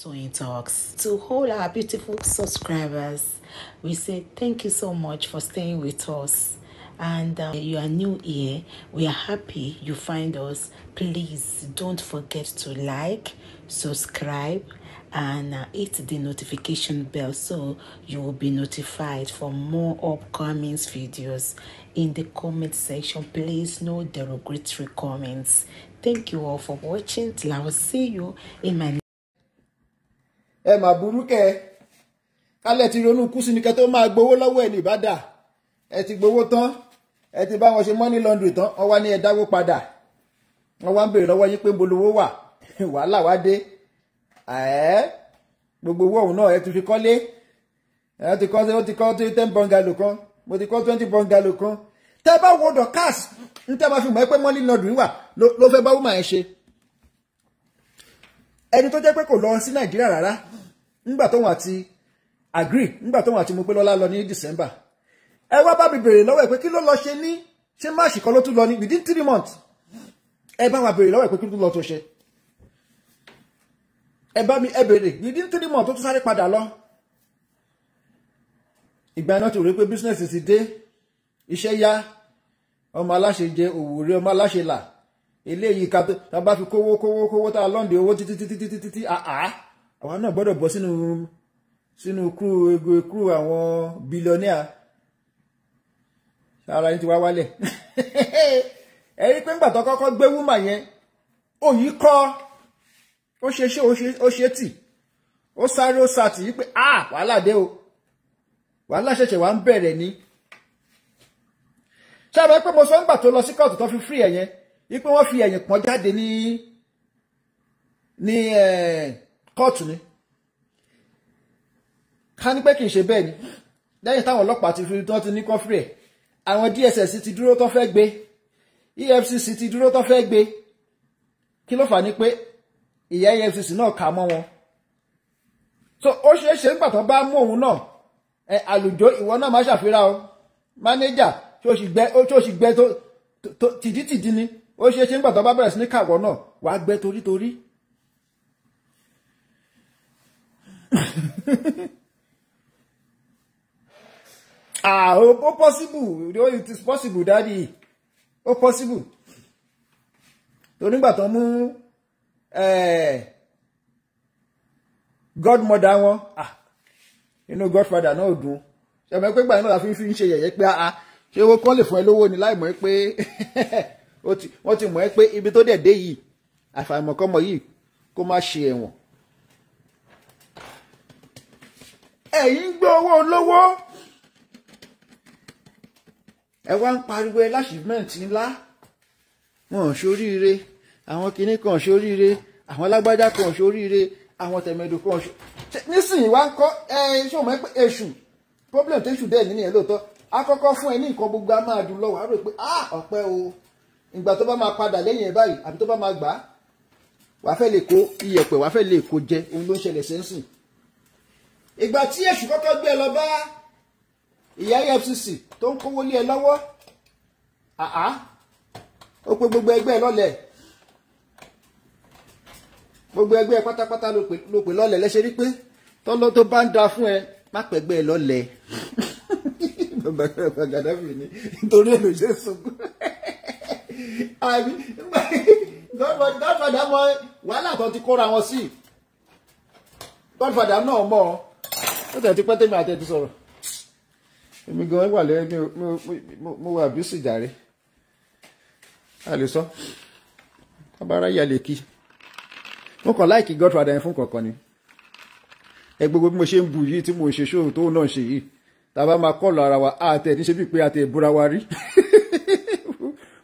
Toyeen Talks. To all our beautiful subscribers, we say thank you so much for staying with us. And uh, you are new here, we are happy you find us. Please don't forget to like, subscribe, and uh, hit the notification bell so you will be notified for more upcoming videos in the comment section please no derogatory comments thank you all for watching till i will see you in my ẹ mà burú kẹ kálẹ̀ ti ronú kú sí ni kẹ tó máa gbowó lọ́wọ́ ẹ̀ ní ẹ ti gbowó tán ẹ ti bá wọn ṣe money laundry tán wọ́n wá ní ẹ dáwó padà wọ́n wá ń béèrè lọ́wọ́ yín pé bolówó wà wàhálà wá dé ẹ̀ẹ́ gbogbo owó ọ̀hún náà ẹ ti fi kọ́lé ẹ ti kọ́ ó ti kọ́ ten bọ́ngàlò kan mo ti kọ́ twenty bọ́ngàlò kan tẹ́ bá wọ́dọ̀ cash ń tẹ́ bá fi mọ̀ ẹ́ pé money laundry wà ló fẹ́ bá wúmà ṣe ẹni tó jẹ́ pé kò lọ sí nàìjíríà rárá nígbà tóun àti agri nígbà tóun àti Mopélọ́lá lọ ní december ẹ wá bá mi bèrè lọ́wọ́ ẹ̀ pé kí ló lọ ṣe ní ṣé máàṣì kan ló tún lọ ní within three months ẹ bá wa bèrè lọ́wọ́ ẹ̀ pé kí ló tún lọ tó ṣe ẹ bá mi ẹ bèrè within three months tó tún sáré padà lọ ìgbà iná tó rí pé business ti dé iṣẹ́ yá ọmọ aláṣẹ jẹ òwúrẹ́ ọmọ aláṣẹ là eléyìí ká tó tá a bá fi kówó kówó kówó tá a lọ́ǹdì owó títí títí títí títí àá àwọn náà gbọ́dọ̀ bọ́ sínú sínú kúrú ego kúrú àwọn bílíọ̀nìà ara yín ti wá wálẹ̀ ẹ rí pé ńgbà tó kọ́kọ́ gbé wúmà yẹn òyì kọ́ ó ṣe ṣe ó ṣe tì ó sáré ó sa tì yí pé a wàhálà dé o wàhálà ṣẹ̀ṣẹ̀ wà ń bẹ̀rẹ̀ ni ṣáà bá pé mo sọ ńgbà tó lọ sí kóòtù tó fi fírí ẹ̀ yẹn wípé wọ́n fi ẹ̀yìn pọ́n jáde ní ní kóòtù ni ká ní pé kì í ṣe bẹ́ẹ̀ ni lẹ́yìn táwọn ọlọ́pàá ti fi tán ti ní kọ́fìrì ẹ̀ àwọn DSS ti dúró tán fẹ́ gbé EFCC ti dúró tán fẹ́ gbé kí ló fà ní pé ìyá EFCC náà kà mọ́ wọn so ó ṣeé ṣe nígbà tó bá mú òun náà ẹ àlùjọ ìwọ náà má ṣàfihàn o mánéjà tí ó sì gbẹ tó tìdítìdí ni ó ṣeé ṣe nígbà tó bá bẹ̀rẹ̀ sí ní kàwọ́ náà wàá gbẹ torítorí. ah o o possible it is possible daddy o possible torí nígbà tó mú eh, godmother wọn ah inú godfather náà dùn ṣe mọ̀ pé gbàgbọ́n la fi ń ṣe yẹ̀yẹ́ pé ah, ah ṣé owó kan lè fún ẹ lówó ni láì mọ̀ pé. wọ́n ti mọ̀ ẹ́ pé ibi tó dẹ̀ dé yìí àfàìmọ̀kọ́mọ yìí kó má ṣe ẹ̀wọ̀n. ẹ̀yin ń gbé owó olówó ẹ wá ń pariwo ẹ láṣìmẹ́ǹtì ńlá wọn ò ṣoríire àwọn kinní kan ṣoríire àwọn alágbájá kan ṣoríire àwọn tẹ̀mẹ̀dù kan ṣo nísìnyí wá ń kọ́ ẹ ṣé o mọ̀ pé èṣù problem tẹ́ṣù dẹ̀ nínú ẹ̀ lóòótọ́ akọ́kọ́ fún ẹ ní nǹkan gbogbo a máa dùn lọ́wọ́ àrò pé ah, ọpẹ́ o ìgbà tó bá máa padà lẹ́yìn ẹ̀ báyìí àbí tó bá máa gbà á wàá fẹ́ lè kó iyẹ̀pẹ̀ wàá fẹ́ lè kó jẹ ohun ló ń ṣẹlẹ̀ sẹ́ńsìn. ìgbà tí èṣù kọ́kọ́ gbé ẹ lọ bá ìyá EFCC tó ń kówó lé ẹ lọ́wọ́ àá ó pe gbogbo ẹgbẹ́ ẹ lọ́lẹ̀ gbogbo ẹgbẹ́ ẹ pátápátá ló pè lọ́lẹ̀ lẹ́sẹ̀ rí pé tọ́lọ́ tó bá ń da fún ẹ má pẹ̀gbẹ́ ẹ lọ́lẹ̀ bàbá Gaddafi ni nítorí ẹ̀ ló ṣe sunkún àbí godfather mọ wàhálà tó ti kóra wọn sí godfather náà mọ ó tẹ̀ ti pẹ́ tẹ́mi àtẹ̀tí sọ̀rọ̀ èmi gan wà lẹ́yìn mo wà bí sìjàre a lè sọ abara yà lè kí mo kàn láìkí godfather yẹn fún kọ̀ọ̀kan ni ẹ gbogbo bí mo ṣe ń bu yìí tí mo ṣe ṣóò tóun náà ṣe yìí tàbá máa kọ́ọ̀lù ara wa àtẹ̀ níṣẹ́ bíi pé àtẹ̀ ìbúra wa rí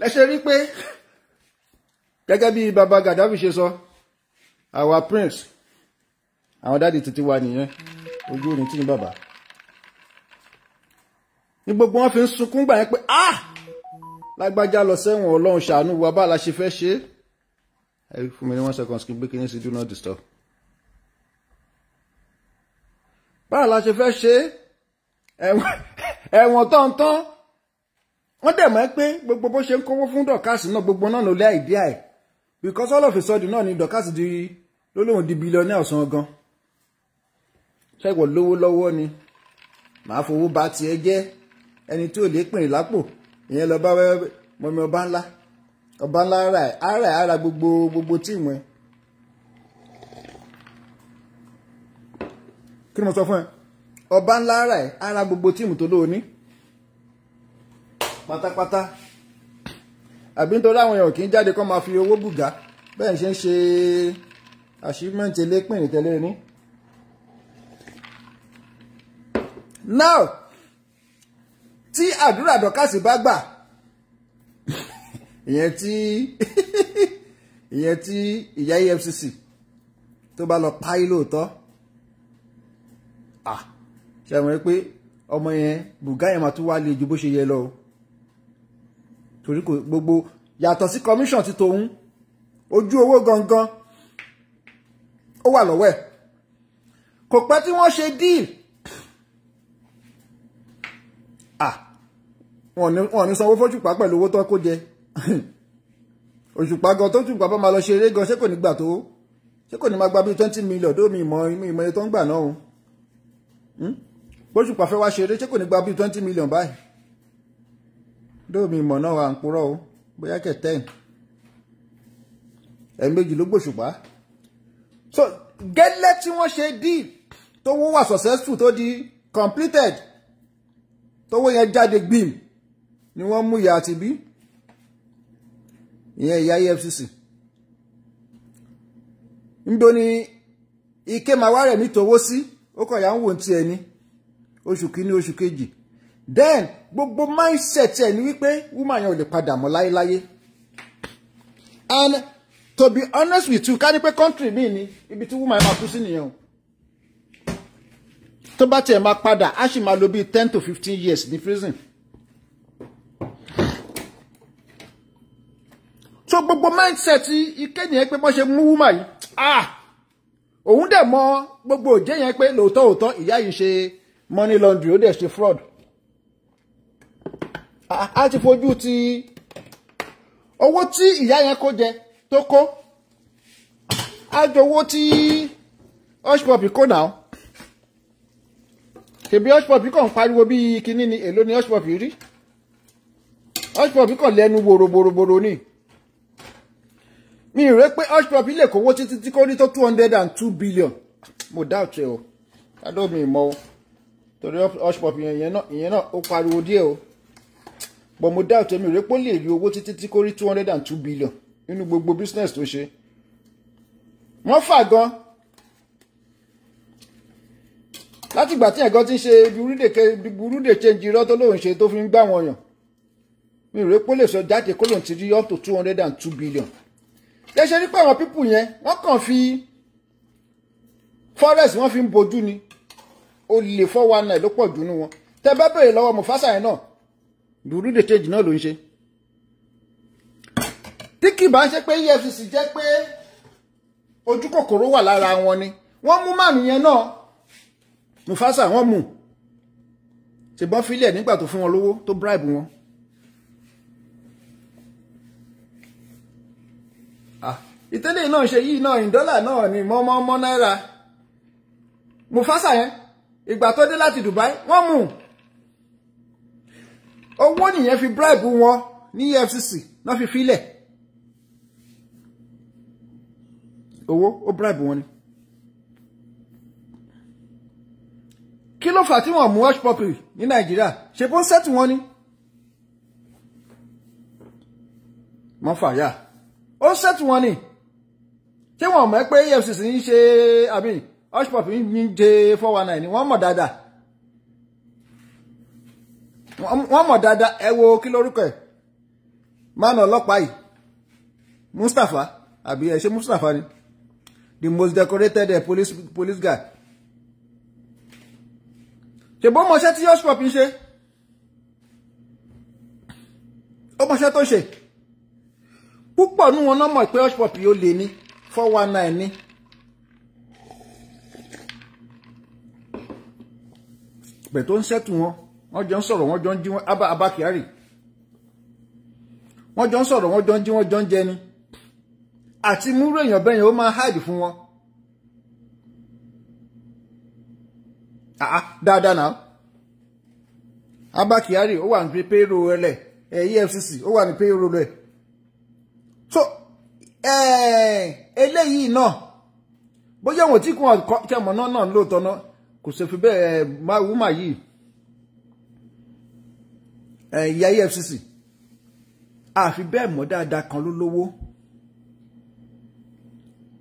lẹ́sẹ̀ rí pé gẹ́gẹ́ bí baba Gaddafi ṣe sọ our prince àwọn dáàdi títí wa nìyẹn ojú orin tí ní bàbá ní gbogbo wọn fi ń sunkún gbà yẹn pé ah lágbájá lọ sẹ́wọ̀n ọlọ́run ṣàánú wa bá la ṣe fẹ́ ṣe é fún mi ní one second kí n gbé kí n sí do not disturb báà la ṣe fẹ́ ṣe é ẹ̀wọ̀n tán wọ́n dẹ̀ mọ̀ pé gbogbo bó ṣe ń kówó fún dọ̀kásì náà gbogbo náà ló lé àìdíà ẹ̀ because all of a sudden náà ni dọ̀kásì di lólóhùn di bílíọ̀nù ọ̀sán gan ṣẹ́gun lówó lọ́wọ́ ni màá fowó ba tiẹ̀ jẹ́ ẹni tí ò lè pìn lápò ìyẹn lọ bá wẹ́wẹ́ mọ̀mí ọba ńlá ọba ńlá ara ẹ̀ ara ẹ̀ ara gbogbo gbogbo tí ìwọ̀n kí ni mo sọ fún ẹ ọba ńlá ara ẹ̀ ara gbogbo tíìmù tó lóo ní pátápátá àbí nítorí àwọn èèyàn kì í jáde kó máa fi owó bùgá bẹ́ẹ̀ ṣe ń ṣe àṣìmọ́ǹtì elépìnrin tẹ́lẹ̀ ní. now tí àdúrà dọ́kàsì bá gbà ìyẹn tí ìyẹn tí ìyá EFCC tó bá lọ páyì lóòótọ́ ah, ṣe àwọn pé ọmọ yẹn bùgá yẹn máa tún wá le ju bó ṣe yẹ lọ o torí kò gbogbo yàtọ̀ sí commission ti tòun ojú owó gangan ó wà lọ́wọ́ ẹ̀ kò pẹ́ tí wọ́n ṣe deal wọn ní sanwó fóṣùpá pẹ̀lú owó tó kó jẹ òṣùpá gan tó ṣùpá bá máa lọ ṣe eré gan ṣé kò ní gbà tó ṣé kò ní máa gba bíi twenty million dómi ìmọ̀ ìmọ̀ iye tó ń gbà náà o hmm? bóṣùpá fẹ́ wá ṣe eré ṣé kò ní gba bíi twenty million báyìí dóòmì mọ̀ náà wà ń purọ́ o bóyá kẹtẹ́ ẹ̀ẹ̀mejì ló gbòṣùpá so gẹ́lẹ́ tí wọ́n ṣe deal tó wó wà successful tó di completed tó wó yẹn jáde gbìm ni wọ́n mú ìyá àti bí ìyẹn ìyá EFCC níbo ni ike màwá rẹ̀ mi tòwó sí ó kọ̀ yà ń wò ní tiẹ̀ ni oṣù kìíní oṣù kejì then gbogbo mindset ẹ̀ ni wípé woman yẹn ò lè padà mọ́ láyéláyé and to be honest with you ká ní pé country mi ni ibi tí woman yẹn máa kú sí nìyẹn o tó bá tiẹ̀ máa padà á sì máa lò bíi ten to fifteen years ní prison. so gbogbo mindset ike nìyẹn pé bọ́n ṣe mú wúmà yìí ah òun dẹ̀ mọ gbogbo òjé yẹn pé lóòótọ́ òótọ́ ìyá yìí ṣe money laundry ó dẹ̀ ṣe fraud a ti fojú ti owó tí ìyá yẹn kó jẹ tó kó owó tí hushpop kó náà tèmi hushpop kàn pariwo bí kinní ni èló ni hushpop rí hushpop kàn lẹ́nu bòròbòròbòrò ni mi rè pé hushpop lè kówó títí tí kò ní tó two hundred and two billion mo doubt ẹ o adó mi mọ o torí hushpop yẹn náà ó pariwo díẹ̀ o. but mo doubt èmi rẹ̀ pé ó lè rí owó títí tí kò rí two hundred and two billion nínú gbogbo business tó ṣe wọ́n fà gan látìgbà tí ẹ̀gọ́ ti ń ṣe burúdè change irọ́ tó lóun ṣe tó fi ń gbà wọ́n yàn mi rè pé ó lè sọ jáde kó lóun ti rí up to two hundred and two billion lẹ́sẹ̀ rí pé àwọn pípù yẹn wọ́n kàn fi forest wọ́n fi ń bojú ni olè four one nine ló pọ̀ jù nú wọn tẹ́ bá béèrè lọ́wọ́ mufasa yẹn náà Burundi stage náà ló ń ṣe tí kì bá ṣe pé EFCC jẹ́ pé ojú kòkòrò wà lára wọn ni wọ́n mú màmí yẹn náà Mufasa wọ́n mú ṣùgbọ́n fílẹ̀ nígbà tó fún wọn lówó tó bribe wọn. Ah, ìtẹ́lẹ̀ náà ṣe yìí náà ìdọ́là náà ni mọ́mọ́mọ́ náírà Mufasa yẹn ìgbà tó dé láti Dubai wọ́n mú un owó nìyẹn fi bribe wọn ní EFCC náà fi filẹ̀ owó ó bribe wọn ni. kí ló fà tí wọ́n mú hush puppy ní nàìjíríà ṣe bó ń sẹ́tù wọn ni. wọ́n fàyà ó ń sẹ́tù wọn ni tí wọ́n mọ̀ pé EFCC ń ṣe àmì hush puppy ń ṣe four one nine ni wọ́n mọ̀ dáadáa wọ́n mọ̀ dáadáa ẹ wo kí lórúkọ ẹ̀ mánà ọlọ́pàá yìí Mustapha àbí ẹ ṣe Mustapha ni the most decorated eh, police, police guy ṣe bó mọṣẹ́ tí yọ́ṣpọ̀ fi ṣe ó mọṣẹ́ tó ṣe púpọ̀ nú wọn náà mọ̀ pé yọ́ṣpọ̀ fi ó lè ní four one nine ní. pẹ̀ tó ń ṣẹ́tù wọn. wọ́n jọ ń sọ̀rọ̀ wọ́n jọ ń jí wọ́n abá abá kyari jọ ń ni àti múrò èèyàn ó máa háàdì fún wọn. dáadáa náà abá kyari ó wà ní péèrò ẹlẹ EFCC ó wà ní péèrò rẹ so eléyìí náà bóyá tí kò náà náà náà kò bẹ́ẹ̀ yìí ẹ̀yà eh, EFCC àfi bẹ́ẹ̀ mọ̀ dáadáa kan ló lówó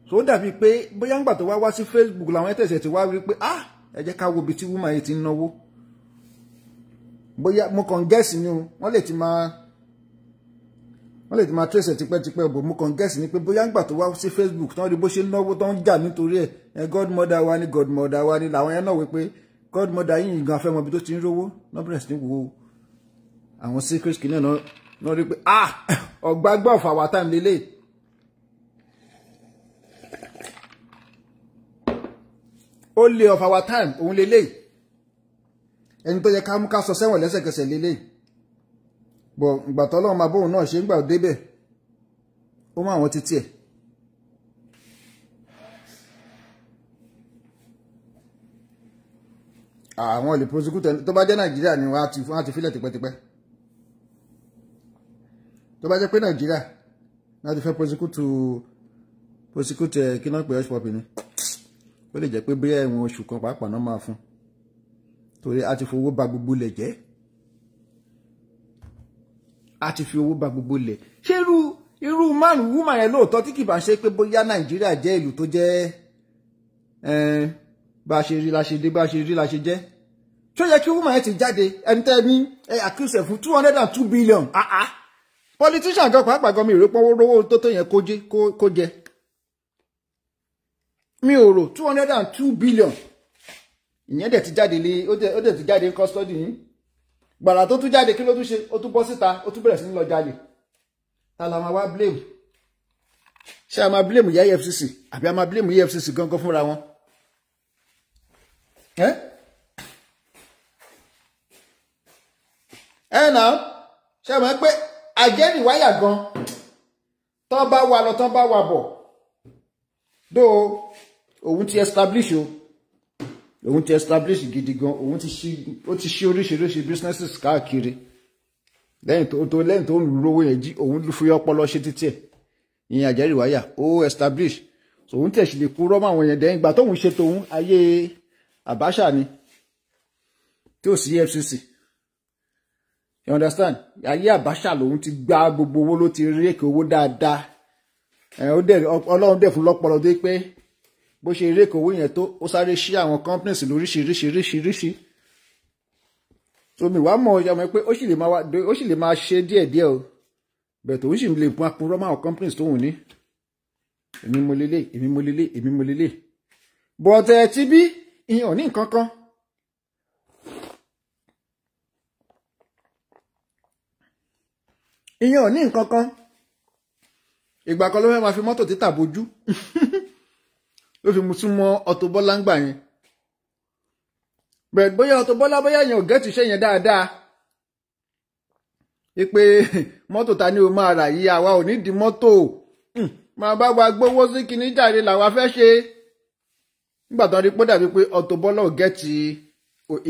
tó dàbí pé bóyá ńgbà tó wá wá sí Facebook làwọn ẹ̀tẹ̀sẹ̀ ti wá rí pé ah ẹ jẹ́ ká wo ibi tí woman yìí ti ń náwó bóyá mo kàn gẹ́ẹ̀sì ni o wọ́n lè ti máa wọ́n lè ti máa trace ẹ̀ tipẹ́tipẹ́ ọ̀bọ̀ mo kàn gẹ́ẹ̀sì ni pé bóyá ńgbà tó wá sí Facebook tán rí bó ṣe náwó tán jà nítorí ẹ̀ ẹ̀ eh, godmother wa ni godmother wa ni làwọn yẹn náà wí pé godmother yìí gan afẹ́mọbi tó ti ń rówó nọ́bẹ̀rẹ̀ sí ní wo àwọn secret kìnìún náà náà rí pé ah ọ̀gbágbá ọ̀fà wà tá à ń lélẹ̀. ó lé ọ̀fà wà tá à ń òun lélẹ̀ ẹni tó yẹ ká mú ká sọ sẹ́wọ̀n lẹ́sẹ̀kẹsẹ̀ lélẹ̀ bọ̀ ìgbà tọ́lọ́ máa bóun náà ṣe ń gbà débẹ̀ ó mọ àwọn títí ẹ̀. àwọn olè prosecutor tó bá jẹ́ nàìjíríà ni wọ́n á ti filẹ̀ tipẹ́tipẹ́ tó bá jẹ́ pé nàìjíríà náà ti fẹ́ prosecute prosecute eh, kí náà pè ọ́ ṣùpọ̀pì ni ó lè jẹ́ pé bí ẹ̀wọ̀n oṣù kan pàápàá náà máa fún torí a ti fowó ba gbogbo ilẹ̀ jẹ́ a ti fi owó ba gbogbo ilẹ̀ ṣé irú irú man woman yẹn lóòótọ́ tí kì bá ṣe pé bóyá nàìjíríà jẹ́ ìlú tó jẹ́ eh, bá a ṣe rí la ṣe dé bá a ṣe rí la ṣe jẹ́ tó yẹ kí woman yẹn ti jáde ẹni tẹ́ mi ẹ accuse ẹ̀ two hundred and two billion ah ah politician kan pàápàá gan mi rò pé rówó tó tó yẹn kó jẹ mi ò rò two hundred and two billion ìyẹn dẹ̀ ti jáde lé ó dẹ̀ ti jáde ní custody yín gbàrà tó tún jáde kí ló tún ṣe ó tún bọ́ síta ó tún bẹ̀rẹ̀ sí ní lọ jalè ta la máa wá blame ṣé a máa blame ìyá EFCC àbí a máa blame EFCC gangan fúnra wọn ẹ ẹ náà ṣé a máa pé àjẹ́rìíwáyà gan tán bá wà lọ tán bá wà bọ̀ dó òun ti establish o òun ti establish gidi gan òun ti ṣe ó ti ṣe oríṣiríṣi businesses káàkiri lẹ́yìn tó tó lẹ́yìn tó ń lówó yẹn jí òun fi ọpọlọ ṣe títí ẹ̀ ìyẹn àjẹ́rìíwáyà ó establish òun tẹ̀ sì lè kú rọ́mọ àwọn yẹn dẹ́yìn ìgbà tóun ṣe tòun ayé àbáṣà ni tí ò sí EFCC you understand ayé àbáṣà lòun ti gba gbogbo owó ló ti rékè owó dáadáa ọlọ́run dẹ̀ fún lọ́pọlọ dé pé bó ṣe rékè owó yẹn tó ó sáré ṣí àwọn companies lóríṣiríṣiríṣiríṣi tomi wàá mọ̀ ọmọ pé ó sì lè máa ó sì lè máa ṣe díẹ̀díẹ̀ o bẹ̀tẹ̀ ó sì lè pọn apurọ́ mọ́ àwọn companies tóun ní èmi mo lélẹ̀ èmi mo lélẹ̀ èmi mo lélẹ̀ bọ̀tẹ̀ ti bí ìyẹn ní nǹkan kan ìyẹn ò ní nǹkan kan ìgbà kan ló fẹ́ máa fi mọ́tò títà bójú. ló fi súnmọ́ Auto Bola ń gbà yẹn bẹ̀rẹ̀ bóyá Auto Bola bóyá yẹn ò gẹ́tù iṣẹ́ yẹn dáadáa pé mọ́tò ta ni o máa rà yí àwa ò ní di mọ́tò hmm. máa bá wa gbowó sí kinní jàre làwa fẹ́ ṣe nígbà tó rí pé dàbí pé Auto Bola ò gẹ́tì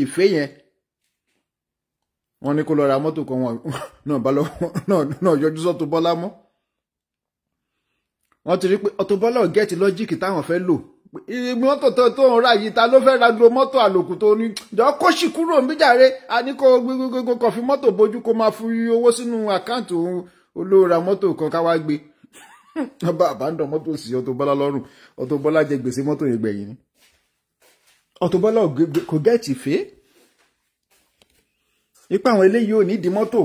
ìfẹ́ yẹn wọ́n ní kó lọ ra mọ́tò kan wọn náà bá lọ́wọ́ náà yọjú sọ́tò bọ́lá mọ́ wọ́n ti rí pé Auto Bola gẹ́ẹ̀tì lọ́jíìkì táwọn fẹ́ lò mọ́tò tó tó ń ra yìí ta ló fẹ́ ra gbo mọ́tò àlòkù tó ní jọ kó sì kúrò níjàre a ní kó gbogbo kan fi mọ́tò bójú kó máa fi owó sínú àkáǹtì olóòra mọ́tò kan káwá gbé bá àbádàn mọ́tò sí Auto Bola lọ́rùn Auto Bola jẹ gbèsè mọ́tò yẹn gbẹ̀yìn ni Auto kò gẹ́ẹ̀tì fèé wípé àwọn eléyìí ò ní di mọ́tò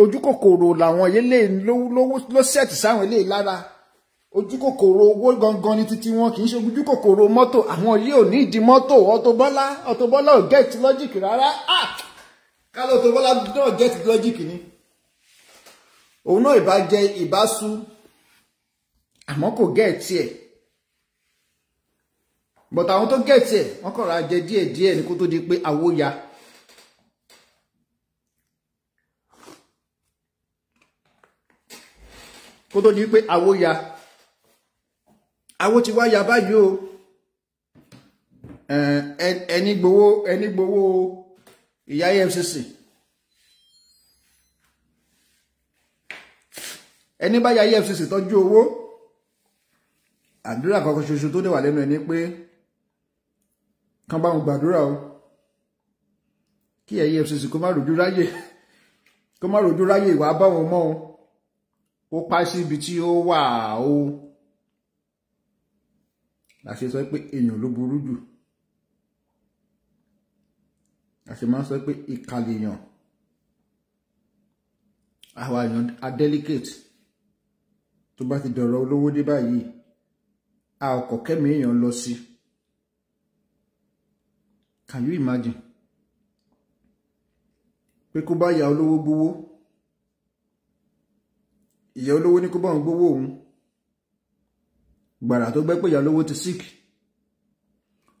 ojú kòkòrò làwọn eléyìí ló ṣẹ̀tì sáwọn eléyìí lára ojú kòkòrò owó gangan ní títí wọn kì í ṣe ojú kòkòrò mọ́tò àwọn yìí ò ní di mọ́tò Auto Bola ò gẹ́ẹ̀tì lọ́jìkì rárá ah! kálọ̀ Auto náà gẹ́ẹ̀tì lọ́jìkì ni òun náà ìbá jẹ ìbá sú àmọ́ kò gẹ́ẹ̀tì ẹ̀ but àwọn tó gẹ́ẹ̀tì ẹ̀ wọ́n kọ̀ra jẹ díẹ̀díẹ̀ ní kó tó di pé àwó ya. kó tó di pé awo ya awo ti wá ya báyìí o ẹni gbowó ẹni gbowó ìyá EFCC ẹni bá ya EFCC tọ́jú owó àdúrà kankan ṣoṣo tó dẹ̀ wà lẹ́nu ẹ̀ ni pé kán bá wọn gbàdúrà o kí EFCC kó má rojú ráyè kó má rojú ráyè ìwà bá wọn mọ́ o kópa síbi tí ó wà o la ṣe sọ pé èèyàn ló burú jù la ṣe máa ń sọ pé ìkàlẹ̀ èèyàn àwa èèyàn a delicate tó bá ti dọ̀rọ̀ olówó dé báyìí a ò kọ̀ kẹ́mi èèyàn lọ sí can you imagine pé kó bá ya olówó gbowó ìyá olówó ní kó bá òun gbówó òun gbàrà tó gbẹ́ pé ìyá olówó ti sick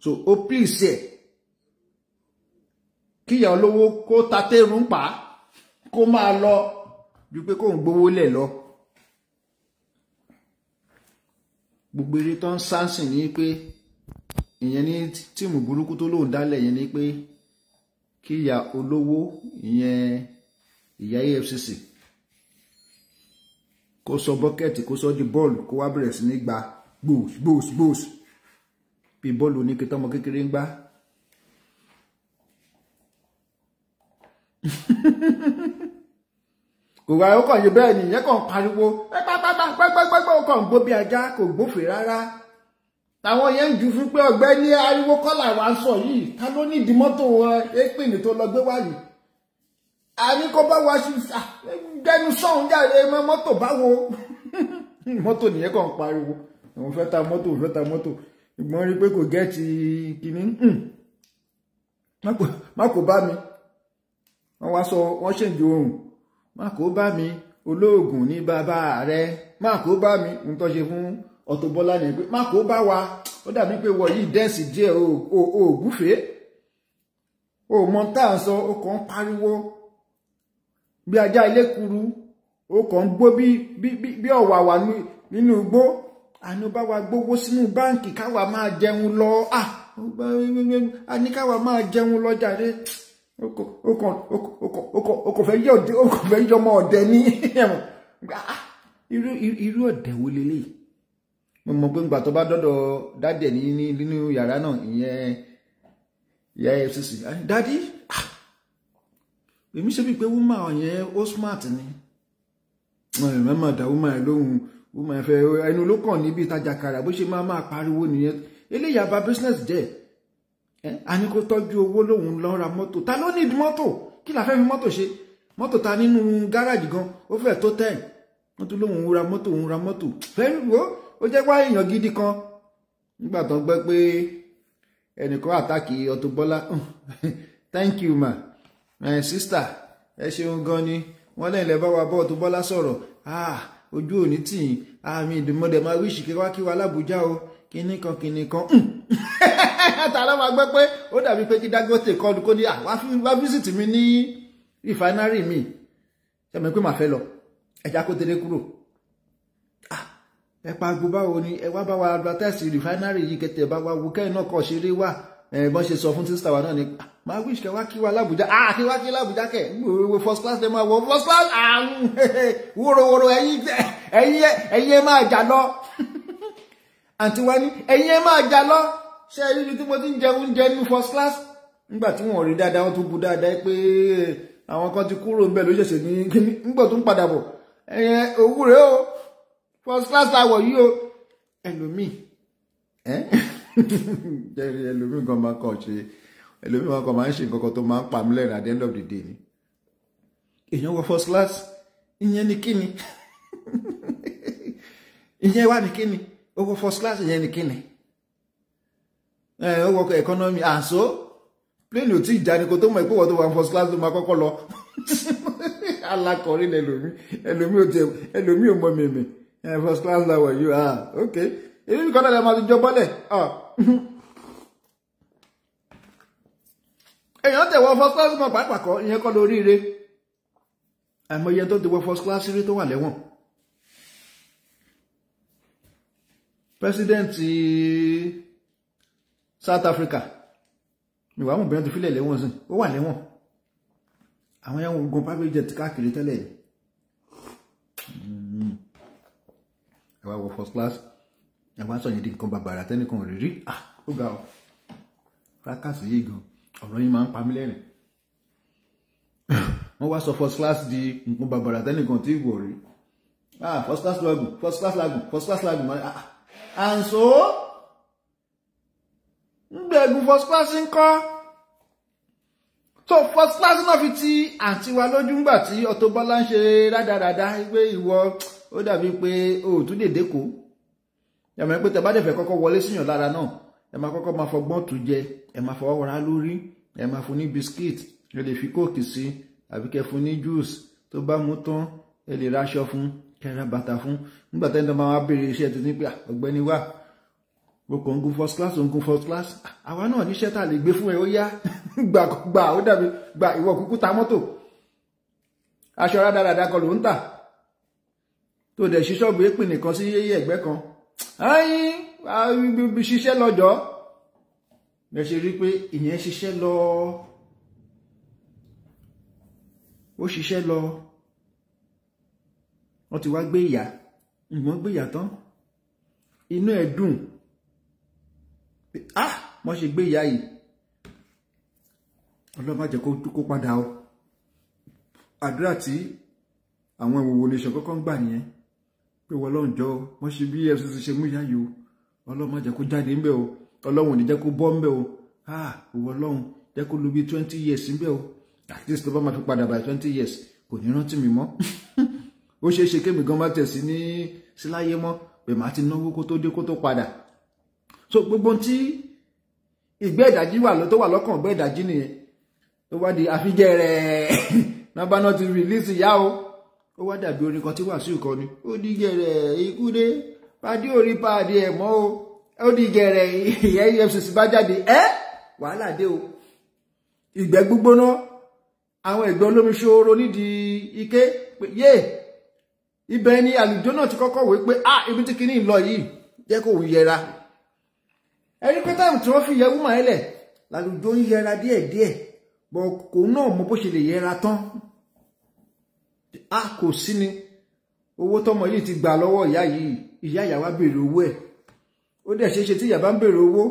so ó please ẹ̀ kí ìyá olówó kó tatẹ́rùn pa kó máa lọ ju pé kóun gbówó lẹ̀ lọ. gbogbo eré tó ń sáǹsìn ní pé ìyẹn ní tíìmù burúkú tó lóun dálẹ̀ yẹn ní pé kíyà olówó ìyẹn ìyá EFCC kó sọ bọ́kẹ́ẹ̀tì kó sọ di bọ́ọ̀lù kó wá bẹ̀rẹ̀ sí ní gba gbòòs gbòòs gbòòs bí bọ́ọ̀lù oníke tọmọ kékeré ń gbá. kò wá ó kàn yí bẹ́ẹ̀ ni ìyẹn kàn pariwo pẹ́pẹ́pẹ́pẹ́pẹ́pẹ́ ó kàn gbó bí ajá kò gbófè rárá táwọn yẹn ń ju fún pé ọ̀gbẹ́ni ariwo kọ́là wa sọ yìí ta ló ní ìdí mọ́tò ẹ pè ní tó lọ gbé wáyìí àní kó bá wa ṣe ah, gbẹnu sọ̀hún jáde mọ́ mọ́tò báwo mọ́tò nìyẹn kàn pariwo òun fẹ́ ta mọ́tò òun fẹ́ ta mọ́tò ìgbọ́n rí pé kò gẹ́ẹ̀tì kínní hmm. má kò bá mi wọ́n wá sọ wọ́n ṣèǹdì ohun má kò bá mi olóògùn ní bàbá rẹ̀ má kò bá mi ohun tó ṣe fún Auto Bola nìyẹn pé má kò bá wa ó dàbí pé wọ yìí dẹ́ẹ̀sì díẹ̀ o ò o mọ tá à ń sọ ó kàn pariwo bí ajá ilé kuru ó kàn ń gbó bí bí ọ̀wàwà nínú igbó àní bá wa gbówó sínú báǹkì káwa máa jẹun lọ àní káwa máa jẹun lọ jàre o kò fẹ́ yọ o kò fẹ́ yọ ọmọ ọ̀dẹ ní ẹ̀wọ̀n irú ọ̀dẹ̀ wo lélẹ̀ mo mọ̀ pé ńgbà tó bá dọ́dọ̀ dádì ẹ̀ nínú yàrá náà ìyẹn ìyá EFCC dádì èmi ṣe wípé wúmà yẹn ó smart ni mẹ́mà dá wúmà yẹn lóhùn wúmà yẹn fẹ́ ẹnu ló kàn níbi ìtajà kàrà bó ṣe máa máa pariwo nìyẹn eléyà bá business jẹ́ a ní kó tọ́jú owó lòun lọ ra mọ́tò ta ló ní mọ́tò kí la fẹ́ fi mọ́tò ṣe mọ́tò ta nínú gáràjì gan ó fẹ́ tó tẹ̀ wọ́n tún lóun ra mọ́tò òun ra mọ́tò fẹ́ẹ́ wo ó jẹ́ wá èèyàn gidi kan nígbà tó ń gbọ́ pé ẹnìkan àtàkì Auto Bola thank you ma ẹ̀ sísítà ẹ ṣeun gan ni wọ́n lẹ́yìn lẹ́ bá wa bọ́ọ̀tù bọ́lá sọ̀rọ̀ ojú òní tì í àmì ìdùnmọ̀dẹ̀ máa wíṣì kí wá kí wa lábújá o kinní kan kinní kan hmm. tààrà máa gbọ́ pé ó dàbí pé kí Dangote kọlu kó ní wá fíṣítì mi ní rìfánárì mi ṣẹmi pé màá fẹ́ lọ ẹja kó tẹlẹ kúrò ẹ pa agbó báwo ni ẹ wá bá wa advertise rìfánárì yìí kẹtẹ bá wa wo kẹ́hìn náà kọ̀ ṣeré wà Eh, bọ́n ṣe sọ fún tíṣà wa náà ni ah, máa wíṣ kẹwàá kí wa lábùjá ah kí wá kí lábùjá kẹ gbòòrò first class lè máa wọ first class àrùn wòròwòrò ẹ̀yin ẹ̀yin ẹ máa jà lọ àǹtí wa ní ẹ̀yin ẹ máa jà lọ ṣe ẹ níbi tí mo ti ń jẹ oúnjẹ ní first class nígbà tí wọn rí dáadáa wọn tún bu dáadáa pé àwọn kan ti kúrò ń bẹ ló ṣẹ̀ṣẹ̀ ní kíní nígbà tó ń padà bọ̀ ẹ̀yẹ òwúrẹ́ o first class àwọ̀ yìí o ẹlòmíì jẹ́rìí ẹlòmíì gan máa kàn ṣe ẹlòmíì máa kàn máa ń ṣe nǹkan kan tó máa ń pa mí lẹ́rìn at the end of the day ni èèyàn wọ first class ìyẹn ni kíni ìyẹn wà ní kíni ó wọ first class ìyẹn ni kíni ẹ ó wọ economy àṣọ plane ò tí ì jáde kó tó mọ̀ pé wọ́n tó wà first class ló máa kọ́kọ́ lọ alakọrin ẹlòmíì ẹlòmíì ò mọ̀ mèmè first class la wọ̀ yìí ah okay èyí nìkan náà lè máa ti jọ bọ́lẹ̀ èèyàn tẹ̀ wọ first class mọ̀ pàápàá kọ́ ìyẹn kọ́ lórí ire àìmọye tó ti wọ first class rí tó wà lẹ́wọ̀n president eh, South Africa ìwà àwọn obìnrin ti filẹ̀ lẹ́wọ̀n sí ó wà lẹ́wọ̀n àwọn ẹ̀wọ̀n ogun private jet káàkiri tẹ́lẹ̀ hmm. ẹ̀ wá wọ first class àwa sọ yẹn di nǹkan bàbàrà tẹ́nìkan ò rí rí ah ó ga ọ fracas yìí gan ọ̀rọ̀ yìí máa ń pa mí lẹ́rìn wọ́n wá sọ first class di nǹkan bàbàrà tẹ́nìkan tí ìwọ̀ rí ah first class lagun first class lagun first class lagun máa ah and so ngbẹ̀gùn first class ń kọ́ so first class náà fi ti àǹtí wa lójú ńgbà tí Auto Bola ń ṣe rádaràda pé ìwọ ó dàbí pé o ò tún lè dẹ́kọ̀ọ́ ẹ mọ̀ pé tẹ bá dẹ̀ fẹ́ kọ́kọ́ wọlé síyàn lára náà ẹ máa kọ́kọ́ máa fọgbọ́n tù jẹ ẹ máa fọwọ́ ra lórí ẹ máa fún ní biskit ẹ lè fi kóòkì sí àbí kẹ fún ní juice tó bá mú tán ẹ lè ra aṣọ fún kẹra bàtà fún nígbà tẹ́ni tó máa wá béèrè iṣẹ́ tó ní pé ọ̀gbẹ́ni wà o kò ń gun first class o ń gun first class àwa náà níṣẹ́ tá a lè gbé fún ẹ ó yá gbà gbà ó dàbí gbà ìwọ kúkú ta mọ́tò aṣọ rádaràda kan ló ń tà tó dẹ̀ ṣí ṣọ́ọ̀bù èpè nìkan ẹyìn ṣiṣẹ́ lọ́jọ́ bẹ́ẹ̀ ṣe rí pé ìyẹn ṣiṣẹ́ lọ ó ṣiṣẹ́ lọ wọ́n ti wá gbé ìyà ìgbọ́n gbé ìyà tán inú ẹ̀ dùn ah wọ́n ṣe gbé ìyá yìí ọlọ́mọ jẹ́ kó padà o àdúrà tí àwọn ìwòwò nation kọ́kọ́ ń gbà nìyẹn pé wọ́n lọ́n jọ wọ́n ṣe bí EFCC ṣe mú yáyò ọlọ́run má jẹ́ kó jáde ńbẹ̀ o ọlọ́run ò ní jẹ́ kó bọ́ ńbẹ̀ o ah ìwọ jẹ́ kó lò bí twenty years ńbẹ̀ o at least tó bá máa fi padà by twenty years kò ní rántí mi mọ́ ó ṣeé ṣe kémi gan bá tẹ̀sí ní síláyé mọ́ pé màá ti náwó kó tó dé kó tó padà so gbogbo tí ìgbẹ́ ìdájí wà tó wà lọ́kàn ìgbẹ́ ìdájí nìyẹn tó wá di àfijẹ́ rẹ̀ nàbánà ti rìlíìsì yá o ó wá dàbí orin kan tí wàásù kan ni ó di gẹ̀rẹ̀ ikú dé pàdé orí pàdé ẹ̀ mọ́ o ó di gẹ̀rẹ̀ ìyẹn EFCC bá jáde ẹ́ wàhálà dé o ìgbẹ́ gbígbóná àwọn ẹ̀gbẹ́ olómi ṣòro nídìí ike pé yé ibẹ̀ ni àlùjọ náà ti kọ́kọ́ wé pé ah ibi tí kinní lọ yìí jẹ́ kó yẹra ẹni pé táwọn tí wọ́n fi yẹ wúmọ̀ ẹ̀ lẹ̀ làlùjọ ń yẹra díẹ̀díẹ̀ bọ̀ kò náà mọ bó ṣe lè yẹra tán a kò sí ni owó tọmọ yìí ti gbà lọ́wọ́ ìyá yìí ìyá ìyá wa béèrè owó ẹ̀ ó dẹ̀ ṣeéṣe tí ìyá bá ń béèrè owó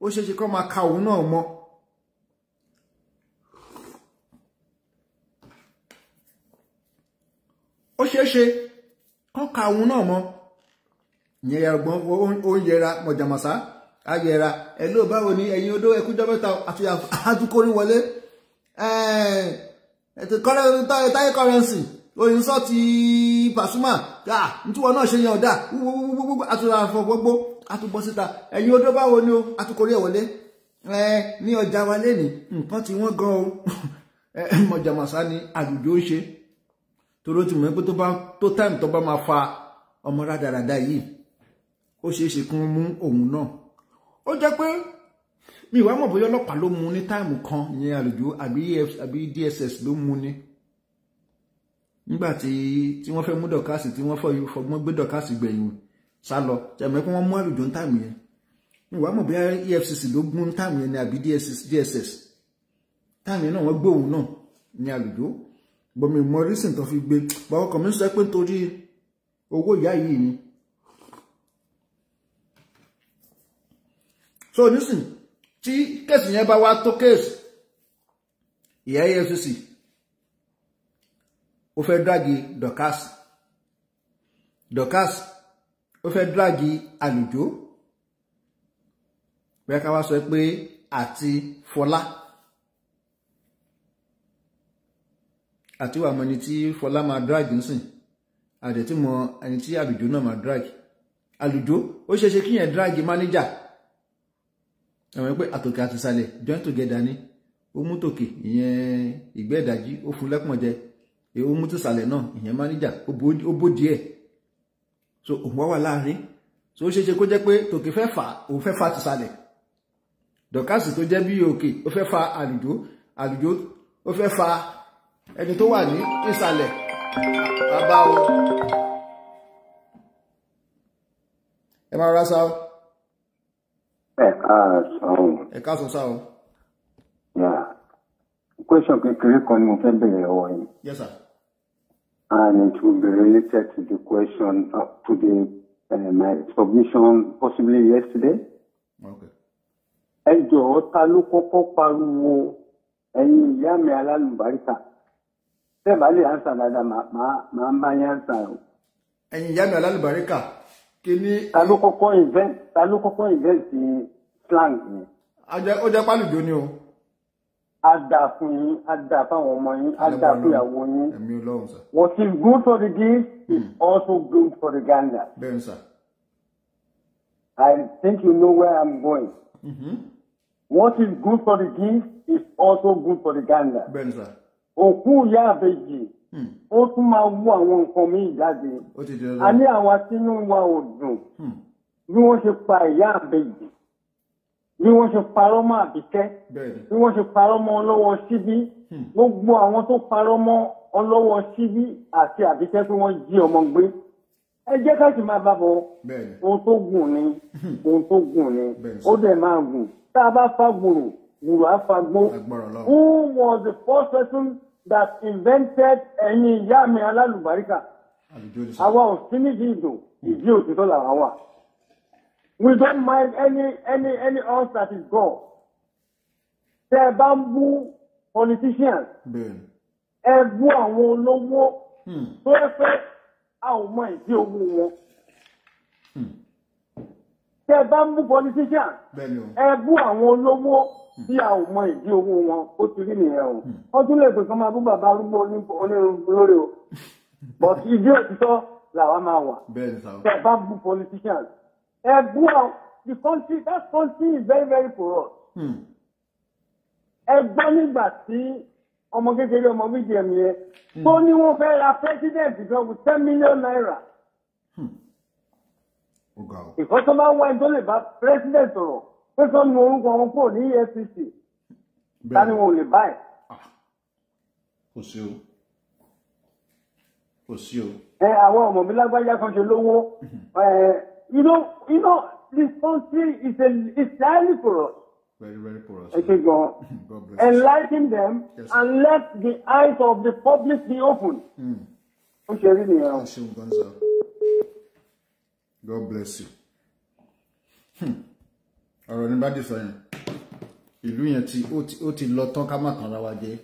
ó ṣeéṣe kó máa ka òun náà mọ́ ó ṣeéṣe kó ka òun náà mọ́ ìyẹn yẹra gbọ́n ó ń yẹra mọ̀jàmọ̀sá á yẹra ẹ̀ ló báwo ni ẹ̀yin odó ẹkú jọ́mẹ́ta àti àdúkórí wọlé ẹ̀ẹ́d kọ́rẹ́ńsì oyin sọ ti Pasuma ká ah, ntúwọ náà ṣe yan ọdá wúwúwúwú àtúrà àfọ gbogbo àtúbọ síta ẹ̀yin odó báwo ni o àtúkọrí ẹ ní ọjà wa lẹni nǹkan tí wọ́n gan o mọjàmọsá ni àdùdó ń ṣe torí ó ti mọ̀ pé tó bá tó táìmù tó bá máa fa ọmọ rádaràda yìí ó ṣeé ṣe kún mú òun náà ó jẹ́ pé mi ìwà mọ̀ bóyá ọlọ́pàá ló mú ní táìmù kan ìyẹn àlùjọ àbí e dss ló mú ni nígbà tí tí wọ́n fẹ́ mú dọ̀kásì tí wọ́n fọgbọ́n gbé dọ̀kásì gbẹ̀yìn sá lọ tẹ̀mọ́ pé wọ́n mú àlùjọ ń táìmù yẹn ìwà mọ̀ bí EFCC ló gún táìmù yẹn ní àbí DSS táìmù yẹn náà wọ́n gbé òun náà ní àlùjọ bọ̀mí mọ rísìn tó fi gbé báwọn kọ̀ mí sọ pé nítorí owó ìyá yìí ni. so nísìn tí kẹ́sì yẹn bá wá tó kẹ́sì ìyá EFCC ó fẹ́ dragi Dorcas Dorcas ó fẹ́ dragi àlùjó bẹ́ẹ̀ ká wá sọ pé àti Fọlá àti wàá mọ ẹni tí Fọlá máa dragi nsìn àdẹ̀tí mọ ẹni tí àlùjó náà máa dragi àlùjó ó ṣeéṣe kíyàn dragi mánéjà ẹ̀wọ̀n pé àtòkè àtìsàlẹ̀ join together ni ó mú tòkè ìyẹn ìgbẹ́ ìdajì ó fún lẹ́pọ̀n èwo mú tó sàlẹ̀ náà ìyẹn máníjà ó bó díẹ̀ so òun wá wà láàrin so ó ṣeéṣe kó jẹ́ pé tòkè fẹ́ fà òun fẹ́ fà ti sàlẹ̀ dọ̀kásì tó jẹ́ bí òkè ó fẹ́ fa àlùjó àlùjó ó fẹ́ fa ẹni tó wà ní ìsàlẹ̀ bàbá o ẹ máa rárá sá o. ẹ káàárọ̀ sá o. ẹ káàsán o. question kékeré kan ni mo fẹ́ bẹ̀rẹ̀ ọwọ́ yìí. yes sir and it will be related to the question up to the uh, my submission possibly yesterday. Okay. jọ̀ọ́ ta ló kọ́kọ́ pariwo ẹ̀yin ìyá mi alálùbáríkà tẹ́ bá lè ansa dáadáa máa ń bá yín ansa o. ẹ̀yin ìyá mi alálùbáríkà kí ni. ta ló kọ́kọ́ invent ta ló kọ́kọ́ invent slang yẹn. ó jẹ́ pálùjọ ni o á dà fún yín á dà fáwọn ọmọ yín á dà fún ìyàwó yín what is good for the Gift is hmm. also good for the Ghana. bẹ́ẹ̀ sà. I think you know where I'm going. Mm-hmm. What is good for the Gift is also good for the Ghana. bẹ́ẹ̀ sà. òkú ìyá àbèjì hmm. ó tún máa wú àwọn nǹkan míì jáde a ní àwọn tí inú wa ò dùn hmm. bí wọ́n ṣe pa ìyá àbèjì bí wọ́n ṣe parọ́ mọ́ àbíkẹ́ bí wọ́n ṣe parọ́ mọ́ ọlọ́wọ́ síbí hmm. gbogbo àwọn tó parọ́ mọ́ ọlọ́wọ́ síbí àti àbíkẹ́ tí wọ́n jí ọmọ gbé ẹ jẹ́ ká máa bá bọ̀ ohun tó gùn ni hmm. ohun tó gùn ni ó dẹ̀ máa gùn tá a bá fa gbòòrò gbòòrò á fa gbó who was the first person that invented ẹ̀yin ìyá mi alálùbáríkà àwa ò sí nídìí ìdò ìdí òtítọ́ làwọn wà we don't mind any any any else that is God tẹ ẹ bá ń bú politicians ẹ bú àwọn olówó hmm. tó ẹ fẹ́ a ò mọ ìdí owó wọn hmm. tẹ ẹ bá ń bú politicians ẹ bú àwọn olówó tí a ò mọ ìdí owó wọn ó ti rí nìyẹn o hmm. wọn tún lè pè kán máa bú bàbá arúgbó onírúurú lórí o but ìdí òtítọ́ làwa máa wà tẹ ẹ bá bú politicians ẹ̀gbọ́n the country that country is very very corrupt. Hmm. ẹ̀gbọ́n nígbà tí ọmọ kékeré ọmọ méjì ẹ̀mí yẹn hmm. tó ní wọ́n fẹ́ ra president kan with ten million naira. ìkọ́sọ́ máa ń wá ẹjọ́ lè bá president sọ̀rọ̀ pé sọ ni orúkọ wọn kò ní EFCC ta ni wọn ò lè báyìí. Ah. kò sí o kò sí o. ẹ àwọn ọmọ mi lágbájá kan ṣe lówó hmm you know, you know, this country is a, is very porous. Very, very porous. Okay, God. God bless Enlighten them yes, and let the eyes of the public be open. Mm. Okay, really. Yeah. God bless you. Hmm. Ọ̀rọ̀ ní bá dì sọ yẹn. Ìlú yẹn tí ó ti lọ tán ká má tàn ra wa jẹ.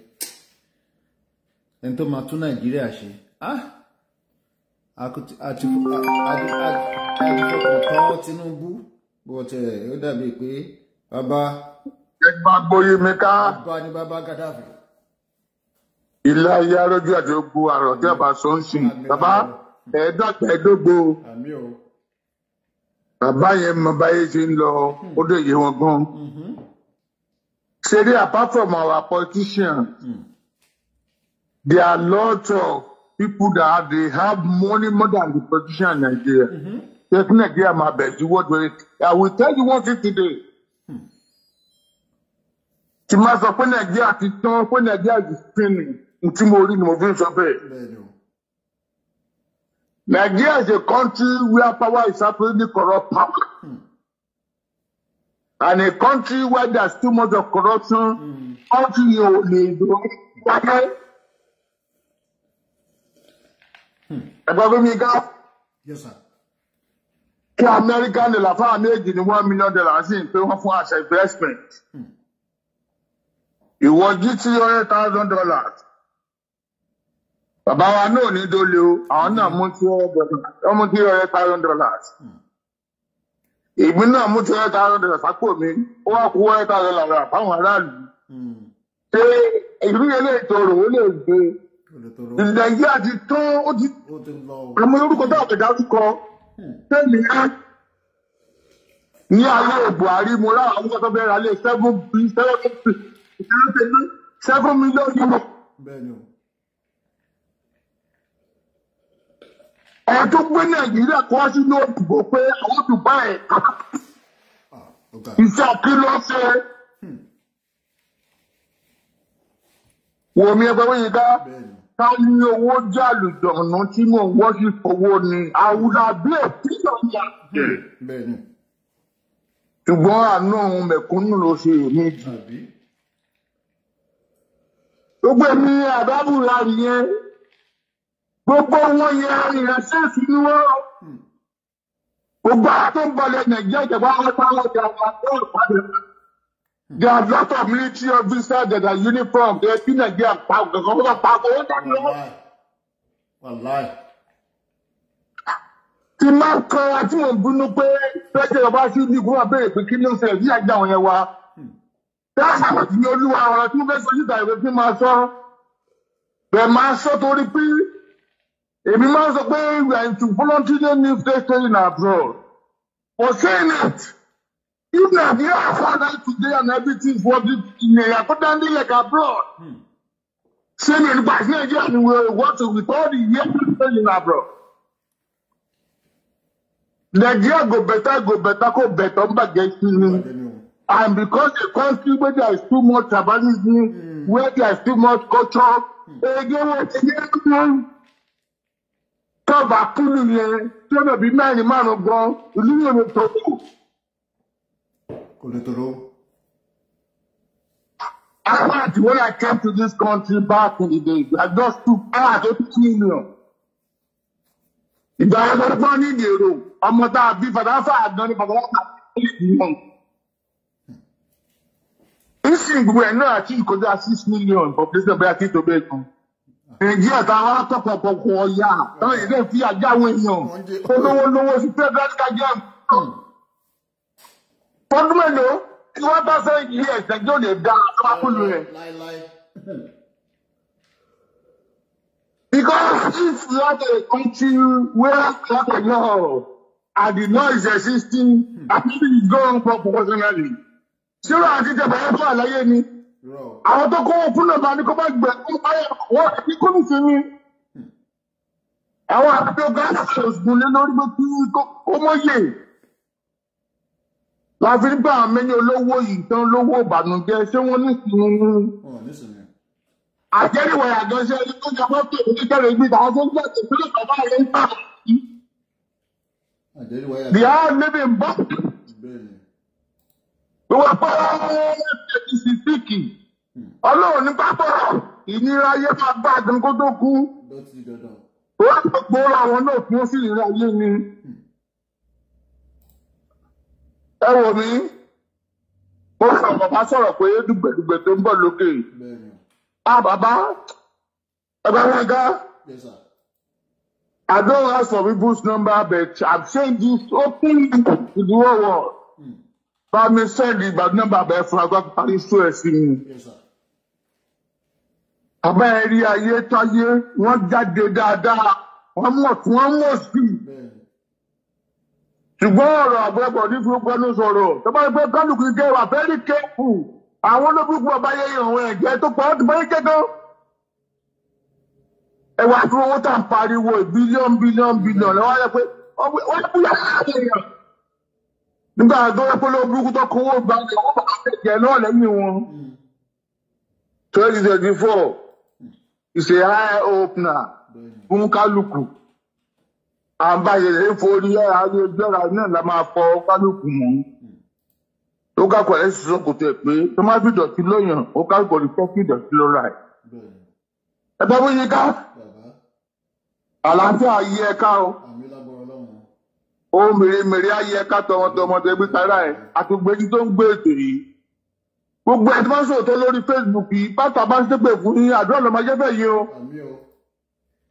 Ẹni tó máa tún Nàìjíríà ṣe. Ah! àtìfọkàntán Tinubu bọ̀tẹ̀ ó dàbí pé bàbá. ẹgbà gboyè mi ká. bàbá ni bàbá Gaddafi. ilé ayé arójú àti ogun àrùn tí ọba sọ ń sìn bàbá ẹ̀ẹ́dọ́gba ẹ̀ẹ́dógbo. bàbá yẹn mọ báyé ṣe ń lọ ó dé yé wọn gan. Mm-hmm. ṣeré apart from our politicians mm. there are lots of people that they have money more than the politician in Nigeria. Mm-hmm. There's Nigeria, my best. You what will I will tell you one thing today. Hmm. Tí máa sọ pé Nàìjíríà ti tán pé Nàìjíríà ti spinning tí mo rí ni mo fi Nigeria is a country where power is absolutely corrupt power. Hmm. And a country where there's too much of corruption, mm. country you need to ẹ̀gbọ́n fún mi ká kí amẹ́ríkà ní làfáà méjì ní one million dollars sí pé wọ́n fún àṣà investment hmm. ìwọ jí three hundred dollars bàbá wa náà ní dole o àwọn náà mú three hundred thousand dollars ìgbín hmm. náà mú three hundred thousand dollars sápò mi ó wá kó one hundred thousand dollars fáwọn aráàlú hmm. ṣé ìlú yẹn lè ó lè gbé nàìjíríà ti tán ó ti àmọ́ orúkọ tá a fẹ́ dárúkọ hmm. tẹ́lẹ̀ á ní ayé buhari mo rà àwọn tó bẹ́ẹ̀ rálẹ̀ seven seven seven million euro. ẹ̀ tó gbé nàìjíríà kó wá sínú òdìbò pé àwọn dubai ah, iṣẹ́ kí ló ṣe. wò mí ẹgbẹ́ wọ́n yìí dá ká ní owó jẹ́ àlùjọ̀nù tí mò ń wọ́sí owó ni àwùjọ bí òtítọ́ ni jẹ. ṣùgbọ́n àánú òun mẹ̀kúnnù ló ṣe èmi jù. gbogbo èmi àdábùlà nìyẹn gbogbo wọn yẹn ìrẹsẹ̀ sí ni wọ́n. gbogbo àtúnbalẹ̀ nàìjíríà ìjọba wọn pa wọn jà wọn àti ọ̀pá There are a lot of military officers that are uniform. They have been again power. The government power. Ó dájú lọ́wọ́. Wàláì. Ti máa ń kọ́ra tí mò ń bínú pé pẹ́jẹ́ ọba sí ní kó wà bẹ́ẹ̀ pé kí ló ń ṣẹlẹ̀ sí àgbà àwọn yẹn wa. Dáàbà àti ní olúwa ọ̀rọ̀ tí wọ́n fẹ́ sojú ìta ìwé fi máa sọ. Bẹ̀ máa sọ torí pé èmi máa ń sọ pé we are into voluntary new state training abroad. For saying it. Even if you are father today and everything for the Yakotandi like abroad. Hmm. Same in Bas Nigeria and we want to with all the years in abroad. Nigeria go better, go better, go better, but get And because the country where there is too much urbanism, mm. where there is too much culture, mm. again, what again? Tọ́ba kúlù yẹn, tí wọ́n bẹ̀ bí mẹ́rin márùn-ún gan, ìlú yẹn ló tọ́jú. Kolotoro. Ahmad, when I came to this country back in the day, I just took Ahmad to kill you. Ìgbà yẹn lọ́dún fún ní ìdèrò, ọmọ tá a bí Fàdáfà àdán ni bàbá wàkà ní ìdíwọ̀n. Ìsìn gbogbo ẹ̀ náà àti ìkọjá six million population bẹ́ẹ̀ àti ìtòbẹ́ kan. Nàìjíríà táwọn atọ́pọ̀pọ̀ ọ̀yà táwọn ìdílé fi àjá àwọn èèyàn olówó lówó sí Federal Kajam fọdún mélòó tí wọ́n bá sẹ́ ilé ẹ̀sẹ̀ yóò lè da ọmọkùnrin rẹ̀. Because if you are a country where alcohol and the noise existing, and people is going for proportionally. Ṣírò àti ìjọba ẹ̀ fún àlàyé ni. Àwọn tó kọ́ fún náà máa ní kó bá gbẹ fún ayé wọ́n ní kó nìṣe ni. Àwọn àti ọgá ṣòṣùn lé lórí pé kí kó mọ̀ yé láfi nígbà àwọn mẹ́ni olówó yìí tán lówó ìbànújẹ́ ṣé wọ́n ní sinmi ní. àjẹrìwọ̀ àjọṣe ẹni tó jẹ mọ́tò oníkẹ́rẹ́ ibi ìdáwọ́ tó gbà tó fílẹ̀ bàbá rẹ̀ ń tà. the hard living box. ìwà pàrọ̀ ẹ̀ẹ́dẹ̀ẹ́dì sí síkì ọlọ́run ní pápá ìnira ayé máa gbá àdínkù tó kú. wọ́n á gbọ́ àwọn náà fún sí ìnira ayé ni. Hmm ẹ wò mí mo sọ̀rọ̀ bá sọ̀rọ̀ pé dùgbẹ̀dùgbẹ̀ tó ń bọ̀ lókè ah bàbá ẹgbẹ̀rúnga I don't ask for people's number but I'm saying this openly to the whole world hmm. bá mi send you nọ́mbà number ẹ fúnra gbọ́dọ̀ parí sọ ẹ̀ sí mi. àbá ẹ rí ayé táyé wọ́n jáde dáadáa wọ́n mọ̀ tí wọ́n mọ̀ sí i ṣùgbọ́n ọ̀rọ̀ àgbẹ̀bọ̀ ní fún pẹ́ẹ́nu sọ̀rọ̀ tó bá pẹ́ kálukú ike wà fẹ́ẹ́rì kéèkù àwọn olóbùkún ọba yẹyẹ ọ̀hún ẹ̀jẹ̀ tó pa ọ́ ti báyé kẹ́kọ́. ẹ wá fún owó tá à ń pariwo bílíọ̀nù bílíọ̀nù bílíọ̀nù ẹ wá yẹ pé wọ́n yẹ kúyà láàrin èèyàn. nígbà tó yẹ pé olóbùkú tó kó gba owó bá ẹ̀jẹ̀ náà lẹ́yìn wọn. twenty twenty four is a eye opener fún kálukú. Mm àbáyèrè forí ayé gbẹ́ra náà la máa fọ kálukú mọ́ ó kákọ̀ ẹ̀ sísọ kò tẹ̀ pé tó má fi dọ̀tí lóyàn ó kákọ̀ rí fẹ́ fi dọ̀tí lọ́ra ẹ̀. ẹ bá wíyí ká àlàáfíà yí ẹ ká o ohun mèremère ayé ẹ ká tọmọtọmọ tẹbí tara ẹ àtúgbẹ́jú tó ń gbé ètò yìí gbogbo ẹ̀ tó bá ń sòótọ́ lórí Facebook yìí bàtà bá ń ṣépè fún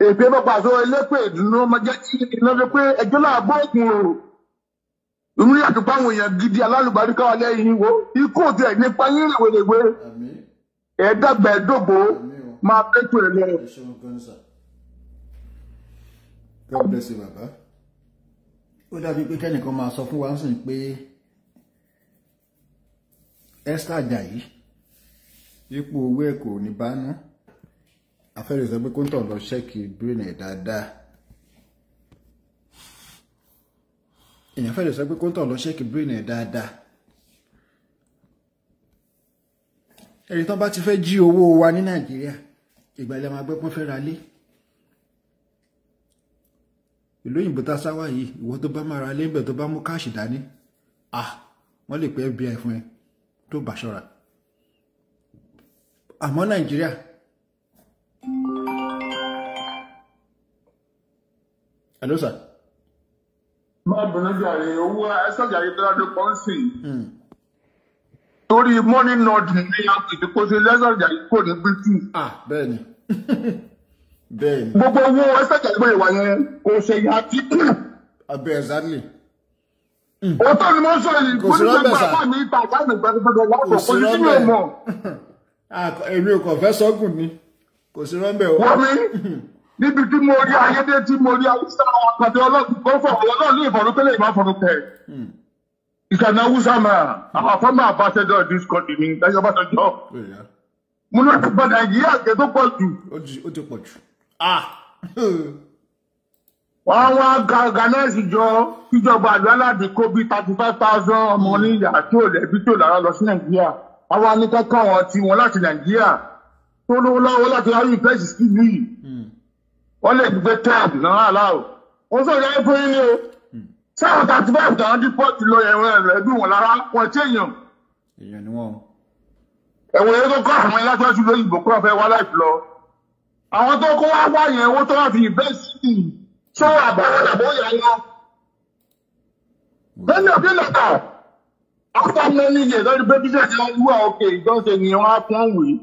èpè bàbá àṣọ elépè ìdùnnú ọmọdé ìnáwó pé ẹjọ́ náà bó òkun o ìmúlẹ àtúpá àwọn èèyàn gidi alálùbárí káwọn lẹ́yìn wo ikú òtún ẹ nípa yín rèwerèwe ẹdàgbà ẹdógbò máa pẹtù ẹ lọ. God bless you, Baba. Ó dàbí pé kẹ́nìkan máa sọ fún wa sìn pé Esther Ajayi ipò owó ẹ̀kọ́ ní bá náà afẹ́rẹ́ sọ pé kó ń tàn lọ ṣẹ́ẹ̀kì brain ẹ̀ dáadáa èèyàn fẹ́rẹ̀ sọ pé kó ń tàn lọ ṣẹ́ẹ̀kì brain ẹ̀ dáadáa ẹ̀rí tán bá ti fẹ́ jí owó wa ní nàìjíríà ìgbà ilẹ̀ máa gbẹ́pọ́n fẹ́ ra lé ìlú òyìnbó tá a sáwà yìí ìwọ tó bá máa ra lé ńbẹ̀ tó bá mú káàṣì dání ah wọ́n lè pè FBI fún ẹ tó bá àmọ́ nàìjíríà Hello, sir. Máa bínú jàre owó ẹsẹ̀jàre Bíládé Pọ́ńsì. Hmm. Torí mọ́nì nọ́ọ̀dù ní agbègbè kó ṣe lẹ́sẹ̀jàre kò ní bíjù. Ah, bẹ́ẹ̀ni. Bẹ́ẹ̀ni. Gbogbo owó ẹsẹ̀jàre bẹ̀rẹ̀ wà yẹn kò ṣe yá títù. Abẹ́ ẹ̀sánlì. Òótọ́ hmm. ni mo sọ yìí, kò sí rọ́bẹ̀ sá. Kò sí rọ́bẹ̀. Ah, èmi ò kàn fẹ́ sọ́gùn ni, kò sí rọ́bẹ̀ o. Wọ́n mi. níbi tí mo rí ayédè tí mo rí awúsá àpàdé ọlọ́run kó fọ̀rọ̀ ọlọ́run ní ìfọ̀rọ̀kẹ́lẹ̀ ìmọ̀ fọ̀rọ̀kẹ́. Hmm. ìkànnì awúsá máa àwọn fọ́mà àbáṣẹjọ́ this country ní ìdájọ́ àbáṣẹjọ́. mo náà ti gba nàìjíríà jẹ tó pọ̀ jù. ó ti pọ̀ jù. Ah. wọ́n wá ghanaians jọ kíjọba àlùaládì kó bíi thirty five thousand ọmọ hmm. oníyà tó lẹ́bí tó lára lọ sí nàìjíríà àwa ní kẹ́kọ̀ọ́ wọn ti wọn láti nàìjíríà tó lówó lọ́wọ́ láti ráyè ìfẹ́ sí sílùú yìí. Hmm wọ́n lè gbé tab náà aláwọ̀ wọ́n sọ̀rọ̀ yẹn fún yín ni o hmm. sáwọn thirty five tàwọn dípọ̀ ti lọ ẹ̀wọ̀n ẹ̀rọ ẹ̀dùn wọn lára wọn ti èèyàn. èèyàn ni wọn. ẹ̀wọ̀n yẹn tó kọ́ àwọn ẹlẹ́gbẹ́sù lóyìnbó kúrò fẹ́ wá láì lọ. àwọn tó kó wá wá yẹn owó tó wà fi ìbẹ́sì tó àbáwọ̀ àbọ̀ yà lọ. lẹ́nu ọ̀bí lọ́tà after many years lórí pé bíṣẹ̀ ti wá òkè ìjọ́sẹ̀ ni wọ́n á fún wèé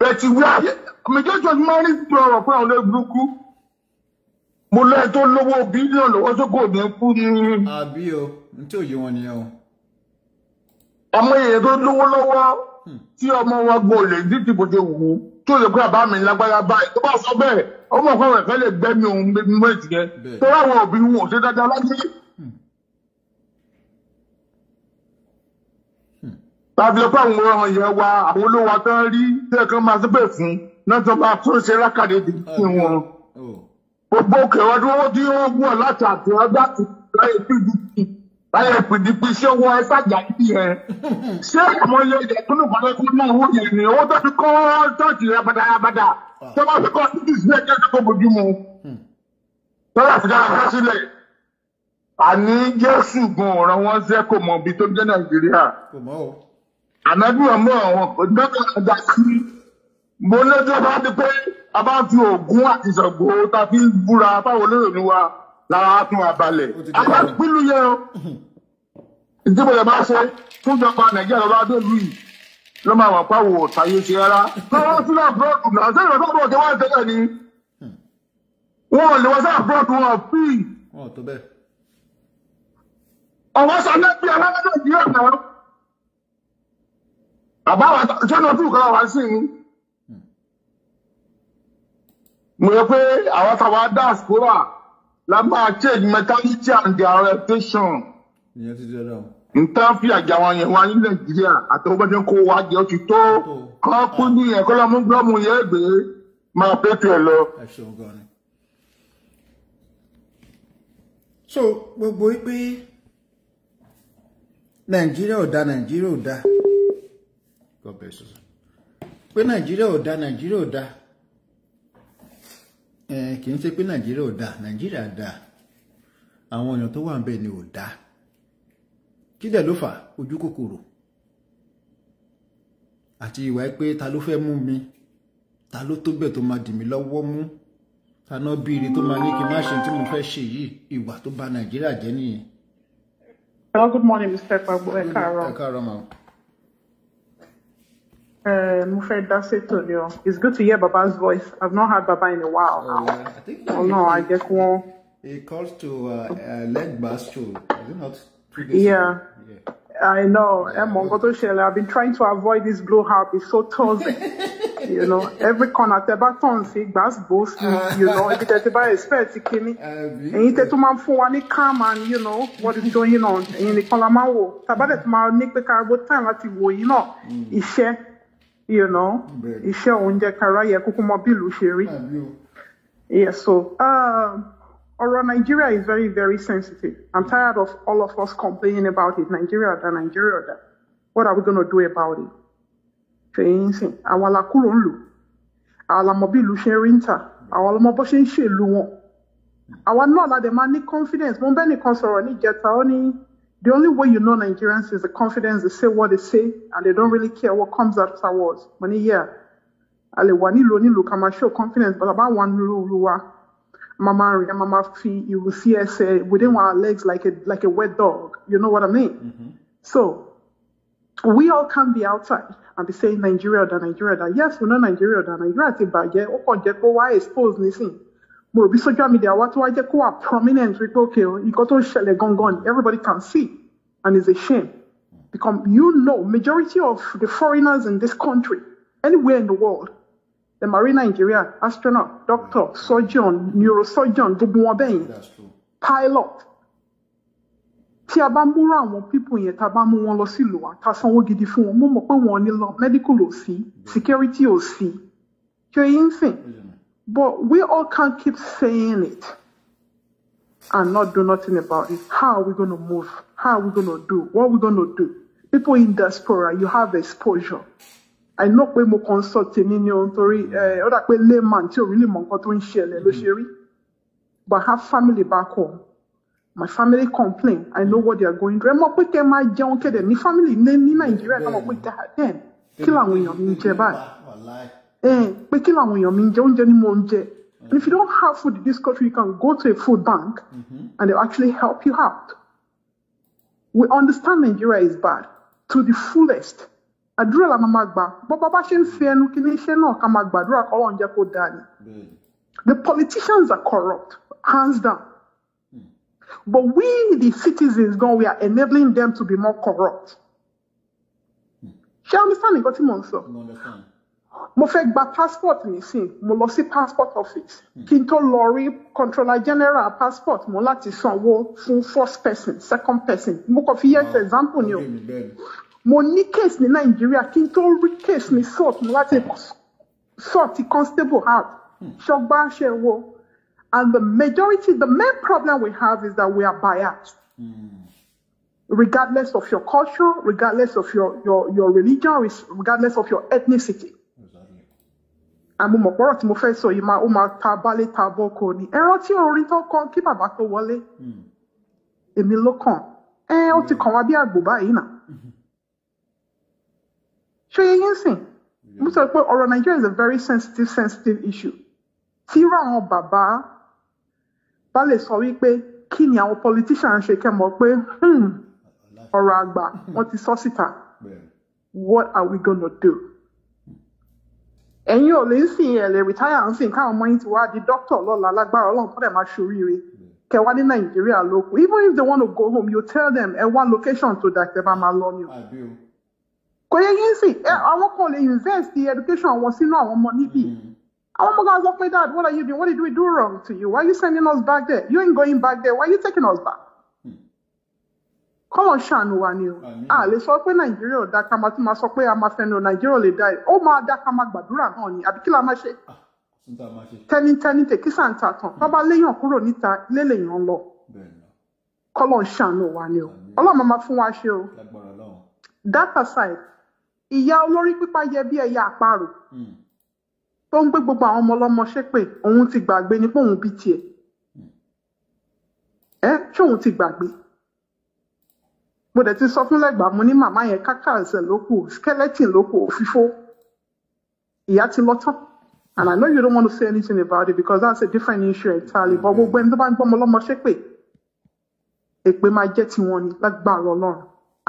bẹ́ẹ̀ ti wí àyè méjèèjì ọdún máa ń rí ọ̀rọ̀ fún àwọn olóyè burúkú mo lẹ́yìn tó lówó bílíọ̀nù lọ́wọ́ tó kò ní kú ní. àbí o n tí ò yé wọn nìyẹn o. ọmọ èèyàn tó lówó lọ́wọ́ tí ọmọ wa gbọ́ lè dídì bó ṣe wù ú tó yẹ pé àbá lágbára báyìí tó bá sọ bẹ́ẹ̀ ọmọ ọkọ rẹ̀ fẹ́ lè gbẹ́mí òun méjì yẹn tó ráwọn òbí wọn ò ṣe dáadáa lágbára tàbí ọpẹ àwọn ọ̀ràn yẹn wa àwọn olówó tán rí tẹ́ kan máa síbẹ̀ fún náà tó máa tún ṣe lákàdé dì oh, wọn. Oh, oh. gbogbo kẹwàá tí wọ́n tí wọ́n wọ̀ láti àti ọgbà tó láyé pdp láyé pdp ṣé wọ ẹ sàjà níbi yẹn ṣé àwọn ilé ìdè tó ní ìpàdékù náà wọ́n yẹn ni owó tó fi kọ́ tọ́ọ̀tì rẹ bàdàbàdà ah. tó bá fi kọ́ títí sílẹ̀ jẹ́ tó bójú mu hmm. tó bá fi dára sílẹ̀ àní Jésù gan ọ̀rọ̀ wọn ṣẹ́ kò mọ̀ bí tó jẹ́ Nàìjíríà ànábì ọmọ àwọn gbọ́dọ̀ ọjà sí mo lọ́jọ́ bá di pé a bá fi oògùn àti ìṣọ̀gbò ta fi ń búra fáwọn olóyìnbó wa lára á tún abalẹ̀ a bá pínlú yẹn o ìdíbò lè máa ṣe fún ìjọba nàìjíríà lọ́ba adélu yìí ló máa wà pàwọ̀ ọ̀tàyè ṣe rárá lọ́wọ́ sílẹ̀ búrọ́dù náà sẹ́yìn lọ́sọ́ búrọ́dù wọ́n tẹ́lẹ̀ ni wọn ò lè wọ́n sẹ́yìn búrọ́dù wọn fíì. ọ̀wọ́ sọ lẹ́bi alágbádá ìdílé náà bàbá wa sọ́nà tí nǹkan wà sí ni mo yẹ pé àwọn táwa diaspora la máa change mentality and their reputation nǹkan fi àjà wọn yẹn wá ní nàìjíríà àtọwọ́ bá jẹ́ kó wá jẹ́ ó ti tó kọ́ ah. kú ní yẹn kọ́ lọ́mú gbọ́mù yẹn gbé máa pété ẹ lọ. so gbogbo wípé nàìjíríà ò da nàìjíríà ò da. pe sọ̀sọ̀ pé Nigeria ò da nàìjíríà o da kì í ṣe pe o da da àwọn èèyàn tó wà ń ni o da kí dẹ̀ ló fa ojú kòkòrò àti ìwà pé ta ló fẹ́ mú mi ta ló tó bẹ̀ tó ma dì mí lọ́wọ́ ta náà bíire to ma n se ti mo fẹ́ ṣe yìí ìwà tó bà nàìjíríà jẹ́ nìyẹn. Hello, good morning, Mr. Pagbo. Ẹ ma'am. Uh, eh, Mufeda It's good to hear Baba's voice. I've not heard Baba in a while. Oh, I think. Oh no, I guess one. He calls to uh, uh, leg bass too. Is it not? Yeah. yeah. I know. Yeah, I I've been trying to avoid this harp. It's so toxic. you know, every corner, tẹ́bá tán sí gbàs bó me. you know, if tẹ́ ti bá expect it's Ẹ̀yin tẹ́ tó máa ń fún wa ní calm and you know what is going on. And he calls máa ń That's my tẹ̀ tó máa ní pé ká gbó You know, wò yìí you know iṣẹ́ òun jẹ́ kára yẹ kúkú mọ bílù ṣe rí yeah so um, ọ̀rọ̀ uh, Nigeria is very very sensitive I'm mm. tired of all of us complaining about it Nigeria da Nigeria da what are we gonna do about it ṣèyí sìn àwọn alákùrò ń lò àwọn àmọ́ bílù ṣe rí ń tà àwọn ọmọ bó ṣe ń ṣèlú wọn àwa náà la dẹ̀ máa ní confidence mo ń bẹ́ẹ̀ nìkan sọ̀rọ̀ níjẹta ó ní. The only way you know Nigerians is the confidence they say what they say, and they don't really care what comes afterwards. Money here. Ale wani loni ni lo show confidence, but about one rule rua. Mama and mama fee, you will see us say within our legs like a like a wet dog. You know what I mean? Mm-hmm. So we all can be outside and be saying Nigeria da Nigeria da. Yes, we know Nigeria da Nigeria ti bàjẹ́. Ó kàn jẹ́ pé why expose nisin? mo rò bí social media What tó wá prominent okay? You nǹkan tó ń gun, gun. everybody can see and it's a shame because you know majority of the foreigners in this country anywhere in the world the marine Nigeria astronaut doctor surgeon neurosurgeon the wọn pilot tí a bá múra àwọn pípò wọn lọ sílùú wa tá gidi fún wọn mo mọ̀ pé wọn ní lọ medical ò sí mm-hmm. security ò sí ṣé yín sìn. But we all can't keep saying it and not do nothing about it. How are we going to move? How are we going to do? What are we going to do? People in diaspora, you have exposure. I know we mo consult ní ní ohun torí eh, ó dà pé layman mọ tó ń ṣẹlẹ̀ But I have family back home. My family complain. I know what they are going through. Ẹ mọ̀ pé kẹ́ máa jẹun kẹ́dẹ̀ ní family ní Nàìjíríà náà mọ̀ pé kẹ́ dem kí làwọn èèyàn Mm. pé kí làwọn èèyàn mi ń jẹ oúnjẹ ni mo ń and if you don't have food in this country you can go to a food bank mm -hmm. and they will actually help you out we understand Nigeria is bad to the fullest àdúrà la máa gbà bó bàbá ṣe ń fi ẹnu kí ní iṣẹ́ náà ká máa gbàdúrà kọ́ ọ̀hún jẹ́ kó dáa ni the politicians are corrupt hands down mm. but we the citizens gan we are enabling them to be more corrupt mm. ṣé mm. understand nǹkan tí mò ń sọ mo fẹ́ gba passport nísìn mo lọ sí passport office hmm. kí n tó lọ rí controller general passport mo láti sanwó fún first person second person mo kàn fi ah, example ni o mo ní case ní nàìjíríà kí n tó rí case ní sort mo láti sort ti constable out hmm. ṣọgbà ṣe wo and the majority the main problem we have is that we are biased. Hmm. Regardless of your culture, regardless of your, your, your religion, regardless of your ethnicity. àmúmọ̀pọ̀rọ̀ tí mo fẹ́ sọ yìí ó máa ta bálé ta bọ́kọ ni ẹ rántí orin tó kọ kí bàbá tó wọlé hmm. èmi ló kàn ẹ ó ti kàn wá bí àgbò báyìí nà hmm. ṣé yẹ yín sìn mo sọ pé ọ̀rọ̀ Nigeria is a very sensitive sensitive issue tí irú àwọn bàbá bá lè sọ wípé kí ni àwọn politician ṣe kẹ́mọ̀ pé hmm, ọ̀rọ̀ àgbà wọ́n ti sọ síta what are we gonna do. ẹ̀yin ò lè ń sìn ẹ̀ lè rìtáyà ń sìn káwọn ọmọ yín ti wá di dókítà lọ́la lágbára ọlọ́run tó dẹ̀ máa ṣoríire kẹwàá ní nàìjíríà even if they wanna go home you tell them ẹ wá location tó dà kẹ bá máa lọ ni o. kò yẹ yín sìn ẹ àwọn kan lè invest the education wọn sínú àwọn ọmọ níbí mm-hmm. àwọn ọmọ guys sọ pé dad what are you doing what did we do wrong to you why are you sending us back there you ain't going back there why are you taking us back. kọ́mọ̀ ṣàánú wa ni o a lè sọ pé nàìjíríà ò dáa ká máa tún máa sọ pé a máa fẹnu nàìjíríà ò lè dáa ó máa dáa ká máa gbàdúrà náà ni àbí kí la máa ṣe ah, tẹnitẹni tèkísà ń ta tán bábá hmm. léèyàn kúrò níta ilé lèèyàn ń lọ kọ́lọ̀ ń ṣàánú wa ni o ọlọ́run máa fún wa ṣe o that aside ìyá olórí pípa yẹ bí ẹyà àparò hmm. tó ń gbé gbogbo àwọn ọmọ ọlọ́mọ ṣépè òun ti gbàgbé ni pé òun bí tiẹ̀ hmm. ẹ ṣé òun ti gbàgbé mo dẹ̀ ti sọ fún lẹ́gbàá mo ní màmá yẹn kákàsẹ̀ ló kù skeleton ló kù òfìfo ìyá ti lọ tán and I know you don't want to say anything about it because that's a different issue entirely but gbogbo ẹni tó bá ń gbọ́mọ lọ́mọ ṣépè èpè máa jẹ́ tiwọn ni lágbára ọlọ́run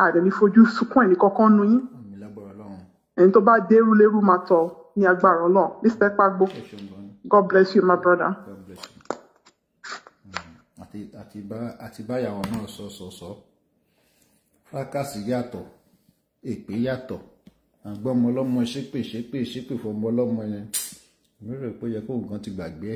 àdẹ̀mí fojú sunkún ẹ̀ní kankan nu yín ẹni tó bá dérú lérú máa tọ ní agbára ọlọ́run Mr. Pagbo God bless you my brother. àti báyàwó náà sọ sọ sọ. So, so fracas yàtọ̀ èpè yàtọ̀ àgbọ́mọ ọlọ́mọ ṣépè ṣépè ṣépè fọmọ ọlọ́mọ yẹn mi rò pé ó yẹ kó nǹkan ti gbàgbé